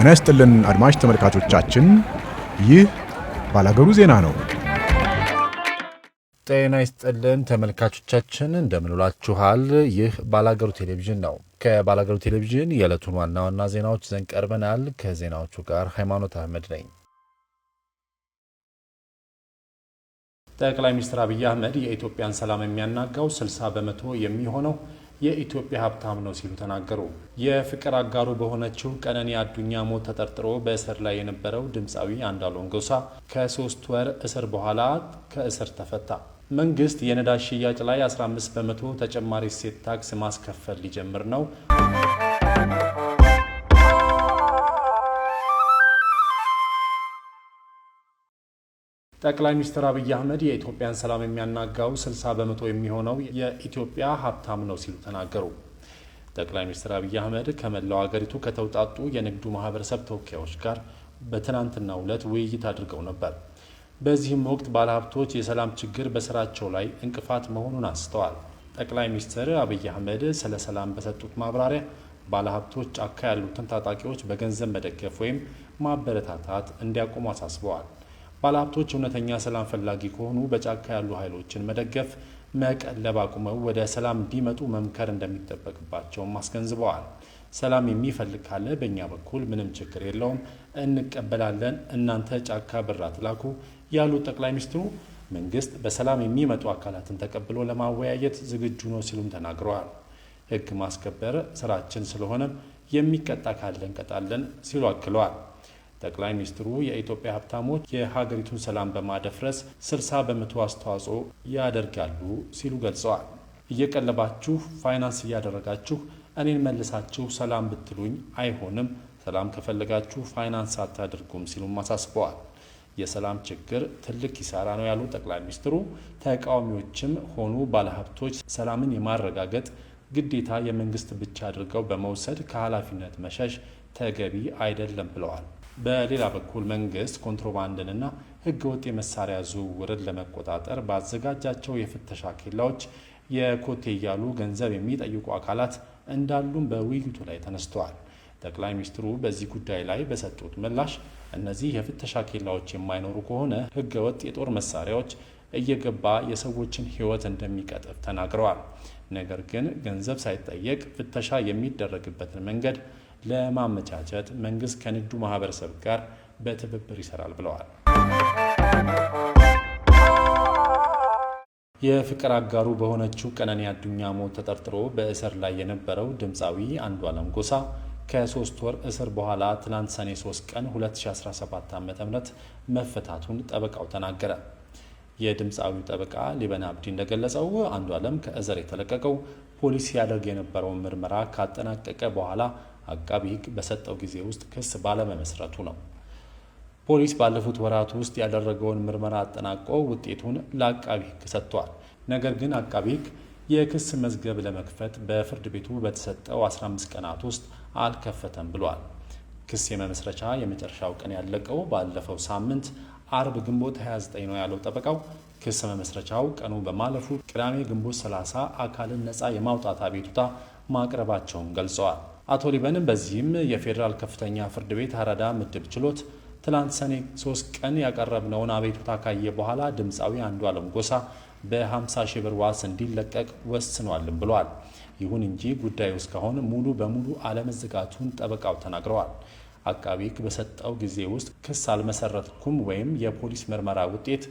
ጤና ይስጥልን አድማጭ ተመልካቾቻችን፣ ይህ ባላገሩ ዜና ነው። ጤና ይስጥልን ተመልካቾቻችን፣ እንደምንውላችኋል። ይህ ባላገሩ ቴሌቪዥን ነው። ከባላገሩ ቴሌቪዥን የዕለቱን ዋና ዋና ዜናዎች ይዘን ቀርበናል። ከዜናዎቹ ጋር ሃይማኖት አህመድ ነኝ። ጠቅላይ ሚኒስትር አብይ አህመድ የኢትዮጵያን ሰላም የሚያናጋው 60 በመቶ የሚሆነው የኢትዮጵያ ሀብታም ነው ሲሉ ተናገሩ። የፍቅር አጋሩ በሆነችው ቀነኒ አዱኛ ሞት ተጠርጥሮ በእስር ላይ የነበረው ድምፃዊ አንዷለም ጎሳ ከሶስት ወር እስር በኋላ ከእስር ተፈታ። መንግስት የነዳጅ ሽያጭ ላይ 15 በመቶ ተጨማሪ እሴት ታክስ ማስከፈል ሊጀምር ነው። ጠቅላይ ሚኒስትር አብይ አህመድ የኢትዮጵያን ሰላም የሚያናጋው 60 በመቶ የሚሆነው የኢትዮጵያ ሀብታም ነው ሲሉ ተናገሩ። ጠቅላይ ሚኒስትር አብይ አህመድ ከመላው አገሪቱ ከተውጣጡ የንግዱ ማህበረሰብ ተወካዮች ጋር በትናንትናው ዕለት ውይይት አድርገው ነበር። በዚህም ወቅት ባለሀብቶች የሰላም ችግር በስራቸው ላይ እንቅፋት መሆኑን አንስተዋል። ጠቅላይ ሚኒስትር አብይ አህመድ ስለ ሰላም በሰጡት ማብራሪያ ባለሀብቶች ጫካ ያሉትን ታጣቂዎች በገንዘብ መደገፍ ወይም ማበረታታት እንዲያቆሙ አሳስበዋል። ባለሀብቶች እውነተኛ ሰላም ፈላጊ ከሆኑ በጫካ ያሉ ኃይሎችን መደገፍ፣ መቀለብ አቁመው ወደ ሰላም እንዲመጡ መምከር እንደሚጠበቅባቸውም አስገንዝበዋል። ሰላም የሚፈልግ ካለ በእኛ በኩል ምንም ችግር የለውም፣ እንቀበላለን፣ እናንተ ጫካ ብር አትላኩ ያሉት ጠቅላይ ሚኒስትሩ መንግስት በሰላም የሚመጡ አካላትን ተቀብሎ ለማወያየት ዝግጁ ነው ሲሉም ተናግረዋል። ህግ ማስከበር ስራችን ስለሆነም የሚቀጣ ካለ እንቀጣለን ሲሉ አክለዋል። ጠቅላይ ሚኒስትሩ የኢትዮጵያ ሀብታሞች የሀገሪቱን ሰላም በማደፍረስ 60 በመቶ አስተዋጽኦ ያደርጋሉ ሲሉ ገልጸዋል። እየቀለባችሁ ፋይናንስ እያደረጋችሁ እኔን መልሳችሁ ሰላም ብትሉኝ አይሆንም፣ ሰላም ከፈለጋችሁ ፋይናንስ አታድርጉም ሲሉም አሳስበዋል። የሰላም ችግር ትልቅ ኪሳራ ነው ያሉ ጠቅላይ ሚኒስትሩ ተቃዋሚዎችም ሆኑ ባለሀብቶች ሰላምን የማረጋገጥ ግዴታ የመንግስት ብቻ አድርገው በመውሰድ ከኃላፊነት መሸሽ ተገቢ አይደለም ብለዋል። በሌላ በኩል መንግስት ኮንትሮባንድንና ህገወጥ የመሳሪያ ዝውውርን ለመቆጣጠር ባዘጋጃቸው የፍተሻ ኬላዎች የኮቴ እያሉ ገንዘብ የሚጠይቁ አካላት እንዳሉም በውይይቱ ላይ ተነስተዋል። ጠቅላይ ሚኒስትሩ በዚህ ጉዳይ ላይ በሰጡት ምላሽ እነዚህ የፍተሻ ኬላዎች የማይኖሩ ከሆነ ህገወጥ የጦር መሳሪያዎች እየገባ የሰዎችን ህይወት እንደሚቀጥፍ ተናግረዋል። ነገር ግን ገንዘብ ሳይጠየቅ ፍተሻ የሚደረግበትን መንገድ ለማመቻቸት መንግስት ከንግዱ ማህበረሰብ ጋር በትብብር ይሰራል ብለዋል። የፍቅር አጋሩ በሆነችው ቀነኒ አዱኛ ሞት ተጠርጥሮ በእስር ላይ የነበረው ድምፃዊ አንዷለም ጎሳ ከሶስት ወር እስር በኋላ ትናንት ሰኔ 3 ቀን 2017 ዓ ም መፈታቱን ጠበቃው ተናገረ። የድምፃዊው ጠበቃ ሊበን አብዲ እንደገለጸው አንዷለም ከእስር የተለቀቀው ፖሊስ ያደርግ የነበረውን ምርመራ ካጠናቀቀ በኋላ አቃቢ ሕግ በሰጠው ጊዜ ውስጥ ክስ ባለመመስረቱ ነው። ፖሊስ ባለፉት ወራት ውስጥ ያደረገውን ምርመራ አጠናቆ ውጤቱን ለአቃቢ ሕግ ሰጥቷል። ነገር ግን አቃቢ ሕግ የክስ መዝገብ ለመክፈት በፍርድ ቤቱ በተሰጠው 15 ቀናት ውስጥ አልከፈተም ብሏል። ክስ የመመስረቻ የመጨረሻው ቀን ያለቀው ባለፈው ሳምንት አርብ ግንቦት 29 ነው ያለው ጠበቃው ክስ መመስረቻው ቀኑ በማለፉ ቅዳሜ ግንቦት 30 አካልን ነፃ የማውጣት አቤቱታ ማቅረባቸውን ገልጸዋል። አቶ ሊበንም በዚህም የፌዴራል ከፍተኛ ፍርድ ቤት አራዳ ምድብ ችሎት ትላንት ሰኔ ሶስት ቀን ያቀረብነውን አቤቱታ ካየ በኋላ ድምፃዊ አለም ጎሳ በ50 ሺህ ብር ዋስ እንዲለቀቅ ወስኗልም ብለዋል። ይሁን እንጂ ጉዳዩ እስካሁን ሙሉ በሙሉ አለመዘጋቱን ጠበቃው ተናግረዋል። አቃቢ ሕግ በሰጠው ጊዜ ውስጥ ክስ አልመሰረትኩም ወይም የፖሊስ ምርመራ ውጤት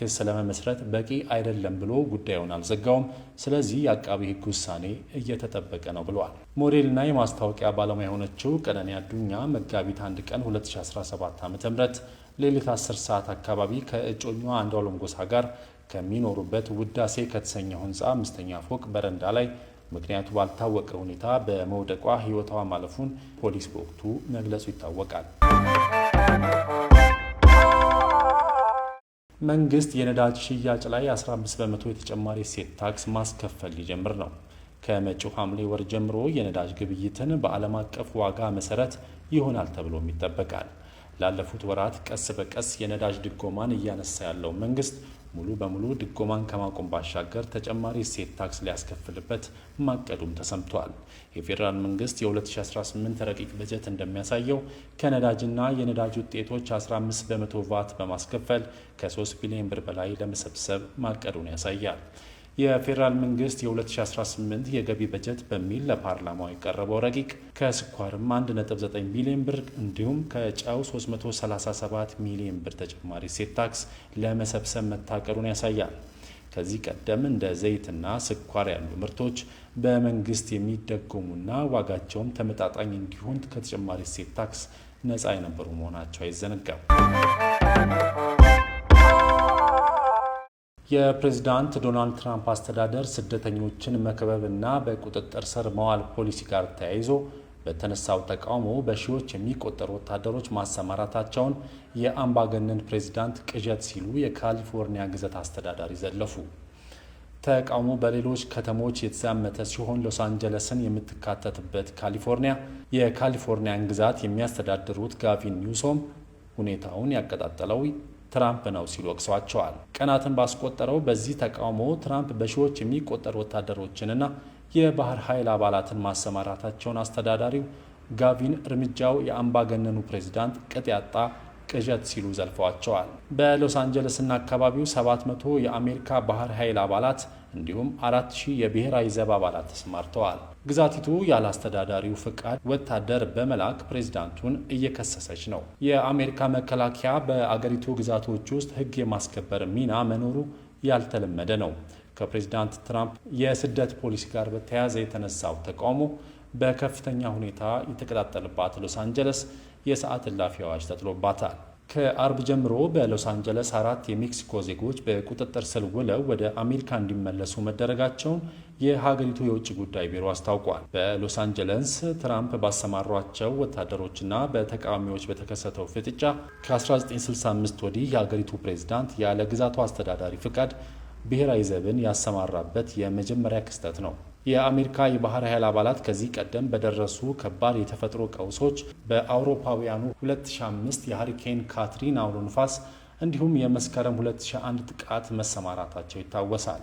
ክስ ለመመስረት በቂ አይደለም ብሎ ጉዳዩን አልዘጋውም። ስለዚህ የአቃቢ ሕግ ውሳኔ እየተጠበቀ ነው ብለዋል። ሞዴልና የማስታወቂያ ባለሙያ የሆነችው ቀነኒ አዱኛ መጋቢት አንድ ቀን 2017 ዓ ም ሌሊት 10 ሰዓት አካባቢ ከእጮኛ አንዷለም ጎሳ ጋር ከሚኖሩበት ውዳሴ ከተሰኘው ህንፃ አምስተኛ ፎቅ በረንዳ ላይ ምክንያቱ ባልታወቀ ሁኔታ በመውደቋ ህይወቷ ማለፉን ፖሊስ በወቅቱ መግለጹ ይታወቃል። መንግስት የነዳጅ ሽያጭ ላይ 15 በመቶ የተጨማሪ እሴት ታክስ ማስከፈል ሊጀምር ነው። ከመጪው ሐምሌ ወር ጀምሮ የነዳጅ ግብይትን በዓለም አቀፍ ዋጋ መሰረት ይሆናል ተብሎም ይጠበቃል። ላለፉት ወራት ቀስ በቀስ የነዳጅ ድጎማን እያነሳ ያለው መንግስት ሙሉ በሙሉ ድጎማን ከማቆም ባሻገር ተጨማሪ እሴት ታክስ ሊያስከፍልበት ማቀዱም ተሰምቷል። የፌዴራል መንግስት የ2018 ረቂቅ በጀት እንደሚያሳየው ከነዳጅና የነዳጅ ውጤቶች 15 በመቶ ቫት በማስከፈል ከ3 ቢሊዮን ብር በላይ ለመሰብሰብ ማቀዱን ያሳያል። የፌዴራል መንግስት የ2018 የገቢ በጀት በሚል ለፓርላማው የቀረበው ረቂቅ ከስኳርም 1.9 ቢሊዮን ብር እንዲሁም ከጨው 337 ሚሊዮን ብር ተጨማሪ ሴት ታክስ ለመሰብሰብ መታቀዱን ያሳያል። ከዚህ ቀደም እንደ ዘይትና ስኳር ያሉ ምርቶች በመንግስት የሚደጎሙና ዋጋቸውም ተመጣጣኝ እንዲሆን ከተጨማሪ ሴት ታክስ ነፃ የነበሩ መሆናቸው አይዘነጋም። የፕሬዝዳንት ዶናልድ ትራምፕ አስተዳደር ስደተኞችን መክበብና በቁጥጥር ስር መዋል ፖሊሲ ጋር ተያይዞ በተነሳው ተቃውሞ በሺዎች የሚቆጠሩ ወታደሮች ማሰማራታቸውን የአምባገነን ፕሬዝዳንት ቅዠት ሲሉ የካሊፎርኒያ ግዛት አስተዳዳሪ ዘለፉ። ተቃውሞ በሌሎች ከተሞች የተዛመተ ሲሆን ሎስ አንጀለስን የምትካተትበት ካሊፎርኒያ የካሊፎርኒያን ግዛት የሚያስተዳድሩት ጋቪን ኒውሶም ሁኔታውን ያቀጣጠለው ትራምፕ ነው ሲሉ ወቅሰዋቸዋል። ቀናትን ባስቆጠረው በዚህ ተቃውሞ ትራምፕ በሺዎች የሚቆጠሩ ወታደሮችንና የባህር ኃይል አባላትን ማሰማራታቸውን አስተዳዳሪው ጋቪን እርምጃው የአምባገነኑ ፕሬዚዳንት ቅጥ ያጣ ቅዠት ሲሉ ዘልፈዋቸዋል። በሎስ አንጀለስና አካባቢው 700 የአሜሪካ ባህር ኃይል አባላት እንዲሁም አራት ሺህ የብሔራዊ ዘብ አባላት ተሰማርተዋል። ግዛቲቱ ያለ አስተዳዳሪው ፍቃድ ወታደር በመላክ ፕሬዝዳንቱን እየከሰሰች ነው። የአሜሪካ መከላከያ በአገሪቱ ግዛቶች ውስጥ ሕግ የማስከበር ሚና መኖሩ ያልተለመደ ነው። ከፕሬዝዳንት ትራምፕ የስደት ፖሊሲ ጋር በተያያዘ የተነሳው ተቃውሞ በከፍተኛ ሁኔታ የተቀጣጠለባት ሎስ አንጀለስ የሰዓት እላፊ አዋጅ ተጥሎባታል። ከአርብ ጀምሮ በሎስ አንጀለስ አራት የሜክሲኮ ዜጎች በቁጥጥር ስር ውለው ወደ አሜሪካ እንዲመለሱ መደረጋቸውን የሀገሪቱ የውጭ ጉዳይ ቢሮ አስታውቋል። በሎስ አንጀለስ ትራምፕ ባሰማሯቸው ወታደሮችና በተቃዋሚዎች በተከሰተው ፍጥጫ ከ1965 ወዲህ የሀገሪቱ ፕሬዝዳንት ያለ ግዛቱ አስተዳዳሪ ፍቃድ ብሔራዊ ዘብን ያሰማራበት የመጀመሪያ ክስተት ነው። የአሜሪካ የባህር ኃይል አባላት ከዚህ ቀደም በደረሱ ከባድ የተፈጥሮ ቀውሶች በአውሮፓውያኑ 2005 የሃሪኬን ካትሪን አውሎ ንፋስ እንዲሁም የመስከረም 2001 ጥቃት መሰማራታቸው ይታወሳል።